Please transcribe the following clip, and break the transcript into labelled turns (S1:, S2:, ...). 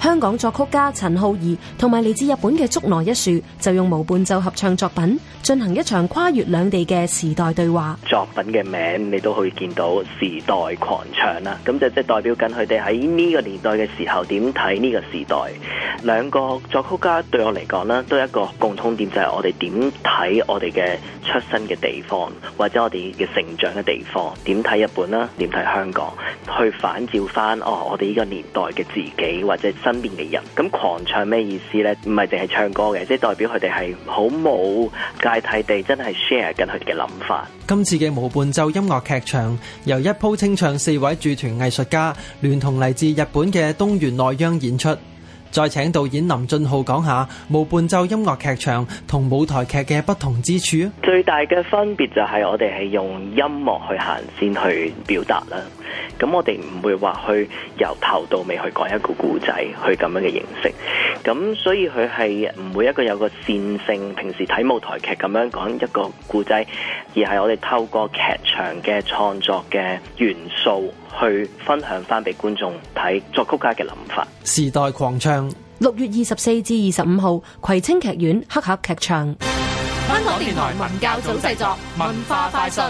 S1: 香港作曲家陳浩儀同埋嚟自日本嘅竹內一樹就用無伴奏合唱作品進行一場跨越兩地嘅時代對話。
S2: 作品嘅名你都可以見到《時代狂唱》啦，咁就即係代表緊佢哋喺呢個年代嘅時候點睇呢個時代。兩個作曲家對我嚟講咧，都有一個共通點就係我哋點睇我哋嘅出生嘅地方，或者我哋嘅成長嘅地方，點睇日本啦，點睇香港，去反照翻哦，我哋呢個年代嘅自己，或者。身邊嘅人咁狂唱咩意思呢？唔係淨係唱歌嘅，即係代表佢哋係好冇芥蒂地，真係 share 緊佢哋嘅諗法。
S3: 今次嘅無伴奏音樂劇場由一鋪清唱四位駐團藝術家聯同嚟自日本嘅東原內央演出。再請導演林俊浩講下無伴奏音樂劇場同舞台劇嘅不同之處。
S2: 最大嘅分別就係我哋係用音樂去行先去表達啦。咁我哋唔會話去由頭到尾去講一個故仔去咁樣嘅形式。咁所以佢係唔會一個有個線性，平時睇舞台劇咁樣講一個故仔，而係我哋透過劇場嘅創作嘅元素去分享翻俾觀眾睇作曲家嘅諗
S1: 法。
S3: 時代狂唱。
S1: 六月二十四至二十五號，葵青劇院黑盒劇場。香港電台文
S3: 教組製作，文化快訊。